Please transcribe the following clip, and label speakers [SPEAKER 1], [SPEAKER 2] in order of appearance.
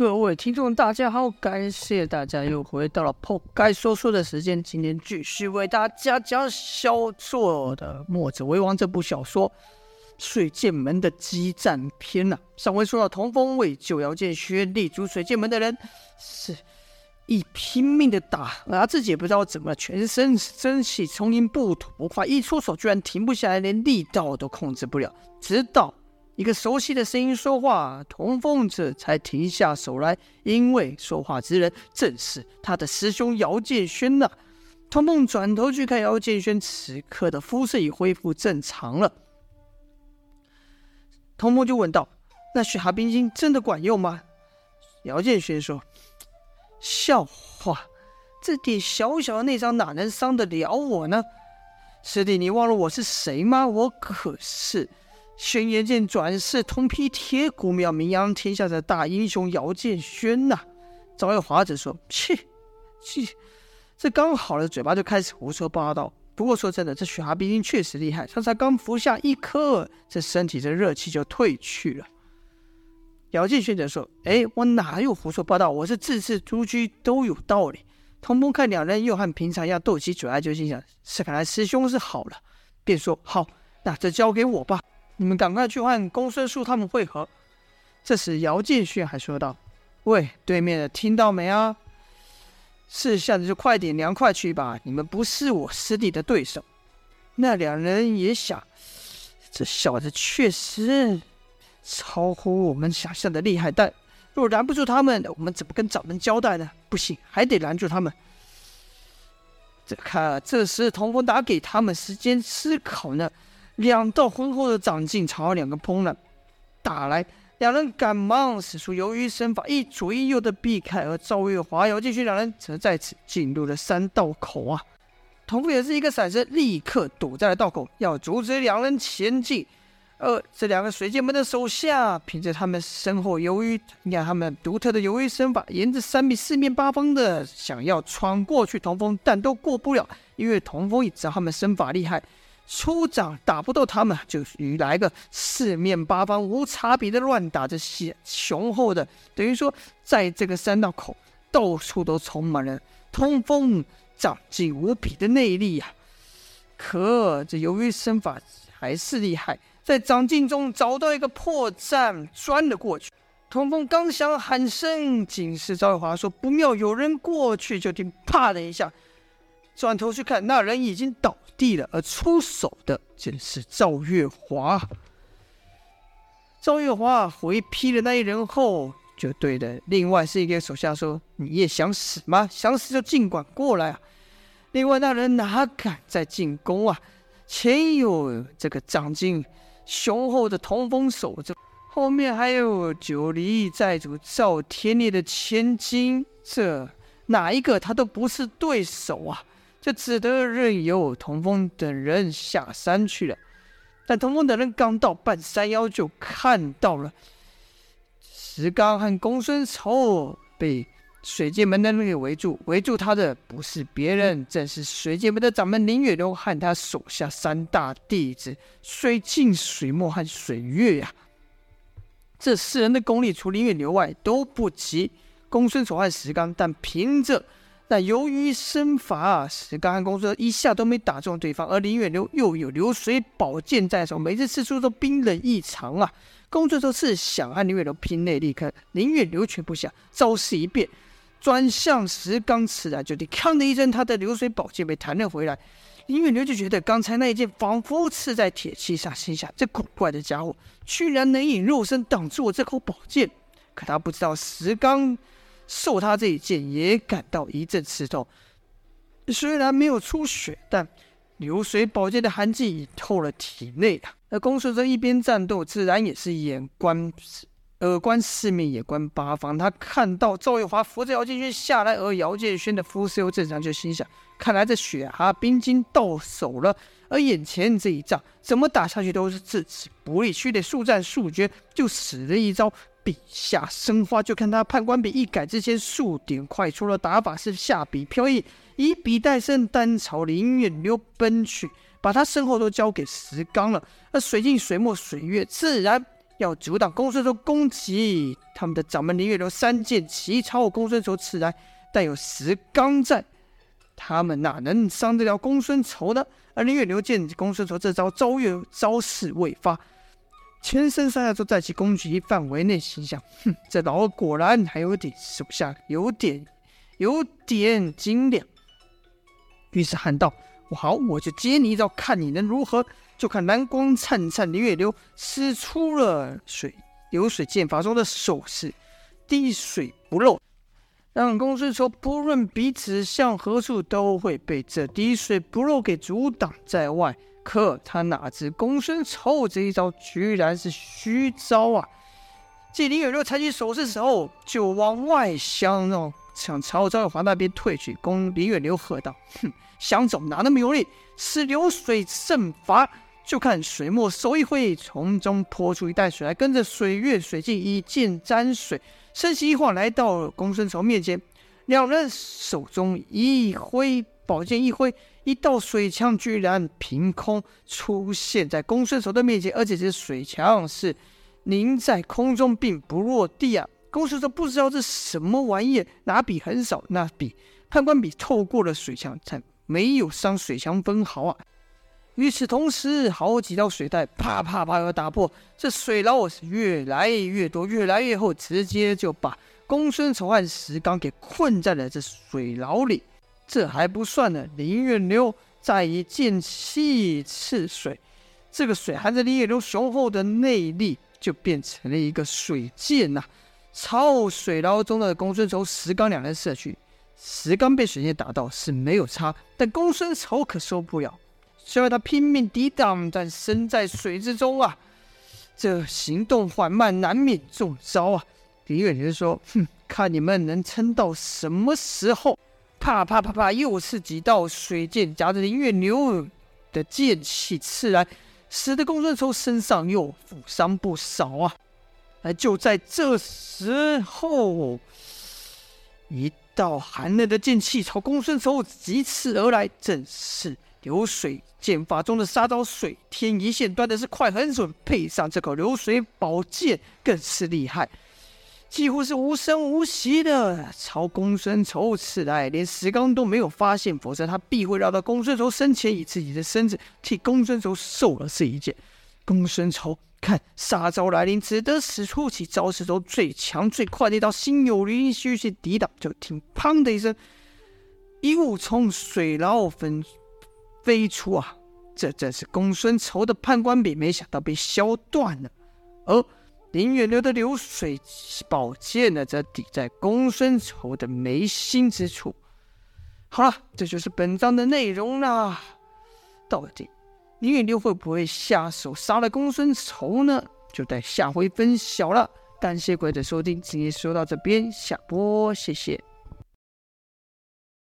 [SPEAKER 1] 各位聽眾，大家好，感謝大家又回到了破該說書的時間。今天繼續為大家講小說的子《墨者為王》這部小說，水劍門的激戰篇了、啊、上回說到風，同風為九陽劍學立足水劍門的人，是一拼命的打，他、啊、自己也不知道怎麼，全身真氣充盈不吐不快，一出手居然停不下來，連力道都控制不了，直到。一個熟悉的聲音說話，童夢這才停下手來，因為說話之人正是他的師兄姚建軒吶、啊。童夢轉頭去看姚建軒，此刻的膚色已恢復正常了。童夢就問道：“那血蛤冰晶真的管用嗎？”姚建軒說：“笑話，這點小小的內傷哪能傷得了我呢？師弟，你忘了我是誰嗎？我可是……”軒轅劍轉世，通辟天古廟名揚天下的大英雄姚建軒吶、啊！早有華子說：“切，這剛好了，嘴巴就開始胡說八道。”不過說真的，這雪蛤冰確實厲害，剛才剛服下一顆，這身體這熱氣就退去了。姚建軒則說：“哎，我哪有胡說八道？我是自字珠璣，都有道理。”通風看兩人又和平常一樣鬥起嘴來，就心想：“是看來師兄是好了。”便說：“好，那這交給我吧。”你們趕快去和公孫叔他們會合。這時，姚建勳還說道：“喂，對面的聽到沒啊？識相的就快點涼快去吧！你們不是我師弟的對手。”那兩人也想，這小子確實超乎我們想象的厲害。但若攔不住他們，我們怎麼跟掌門交代呢？不行，還得攔住他們。這看，這時童風達給他們時間思考呢。兩道渾厚的掌勁朝兩個砰了打來，兩人趕忙使出游魚身法，一左一右的避開而。而趙月華、游進去，兩人則在此進入了山道口啊。童風也是一個閃身，立刻堵在了道口，要阻止兩人前進。而這兩個水劍門的手下，憑着他們身後游魚，你看他們獨特的游魚身法，沿着三米四面八方的想要穿過去同，童風但都過不了，因為童風也知道他們身法厲害。出掌打不到他們，就與來個四面八方無差別的亂打。這雄厚的，等於說在這個山道口到處都充滿了通風掌勁無比的內力呀、啊。可這由於身法還是厲害，在掌勁中找到一個破綻，鑽了過去。通風剛想喊聲警示趙玉華說不妙，有人過去，就聽啪的一下。轉頭去看，那人已經倒地了，而出手的竟是趙月華。趙月華回劈了那一人後，就對著另外是一個手下說：“你也想死嗎？想死就儘管過來啊！”另外那人哪敢再進攻啊？前有這個掌勁雄厚的童風守著，後面還有九黎寨主趙天烈的千金，這哪一個他都不是對手啊！就只得任由童風等人下山去了。但童風等人剛到半山腰，就看到了石剛和公孫丑被水劍門的人給圍住。圍住他的不是別人，正是水劍門的掌門林遠流和他手下三大弟子：水鏡、水墨和水月呀、啊。這四人的功力，除林遠流外，都不及公孫丑和石剛，但憑着。但由於身法，石剛和公孫一下都沒打中對方，而林遠流又有流水寶劍在手，每次刺出都冰冷異常啊！公孫這次想和林遠流拼內力，可林遠流卻不想，招式一變，轉向石剛刺來，就聽“鏗”的一聲，他的流水寶劍被彈了回來。林遠流就覺得剛才那一劍仿佛刺在鐵器上，心想：這古怪的家伙居然能以肉身擋住我這口寶劍，可他不知道石剛。受他這一劍，也感到一陣刺痛。雖然沒有出血，但流水寶劍的寒氣已透了體內了。那公孫策一邊戰鬥，自然也是眼觀耳觀四面，眼觀八方。他看到趙玉華扶着姚建軒下來，而姚建軒的膚色又正常，就心想：看來這血蛤、啊、冰晶到手了。而眼前這一仗，怎麼打下去都是自己不利，須得速戰速決，就使了一招。筆下生花，就看他判官筆一改之前數點快，出了打法是下筆飄逸，以筆代身，單朝林月流奔去，把他身後都交給石剛了。而水鏡、水墨、水月自然要阻擋公孫柔攻擊。他們的掌門林月流三劍齊朝公孫柔刺來，但有石剛在，他們哪能傷得了公孫柔呢？而林月流見公孫柔這招招月招勢未發。全身上下都在其攻擊範圍內，心想：哼，這老二果然還有點手下，有點，有點精良。於是喊道：“我好，我就接你一招，看你能如何。”就看藍光燦燦的月流使出了水流水劍法中的手勢，滴水不漏，讓公孫說：“不論彼此向何處，都會被這滴水不漏給阻擋在外。”可他哪知公孫丑這一招居然是虛招啊！紀靈遠流抬起手勢時候，就往外向哦向朝昭遠華那邊退去。公林遠流喝道：“哼，想走哪那麼容易？使流水陣法，就看水墨手一揮，從中潑出一袋水來，跟着水月水鏡一劍沾水，身形一晃，來到了公孫丑面前。兩人手中一揮，寶劍一揮。”一道水牆居然憑空出現在公孫丑的面前，而且這水牆是凝在空中，並不落地啊！公孫丑不知道這什麼玩意兒，拿筆橫掃，那筆判官筆透過了水牆，才沒有傷水牆分毫啊！與此同時，好幾道水袋啪啪啪的打破，這水牢是越來越多，越來越厚，直接就把公孫丑和石剛給困在了這水牢裡。這還不算呢，林月流再一劍氣刺水，這個水含着林月流雄厚的內力，就變成了一個水劍吶、啊！朝水牢中的公孫仇、石剛兩人射去。石剛被水箭打到是沒有差，但公孫仇可受不了。雖然他拼命抵擋，但身在水之中啊，這行動緩慢，難免中招啊！林月流說：“哼，看你們能撐到什麼時候！”啪啪啪啪！怕怕怕怕，又是幾道水劍夾着月牛的劍氣刺來，使得公孫仇身上又負傷不少啊！而就在這時候，一道寒冷的劍氣朝公孫仇疾刺而來，正是流水劍法中的殺招“水天一線”。端的是快狠準，配上這口流水寶劍，更是厲害。幾乎是無聲無息的朝公孫稠刺來，連石剛都沒有發現，否則他必會繞到公孫稠身前，以自己的身子替公孫稠受了這一劍。公孫稠看殺招來臨，只得使出其招式中最強、最快的一刀“心有靈犀”去抵擋。就聽“砰”的一聲，一物從水牢分飛出啊！這正是公孫稠的判官筆，沒想到被削斷了，而、哦。林遠流的流水寶劍呢，則抵在公孫仇的眉心之處。好了，這就是本章的內容了。到底林遠流會不會下手殺了公孫仇呢？就待下回分曉了。感謝各位的收聽，今天說到這邊，下播，謝謝。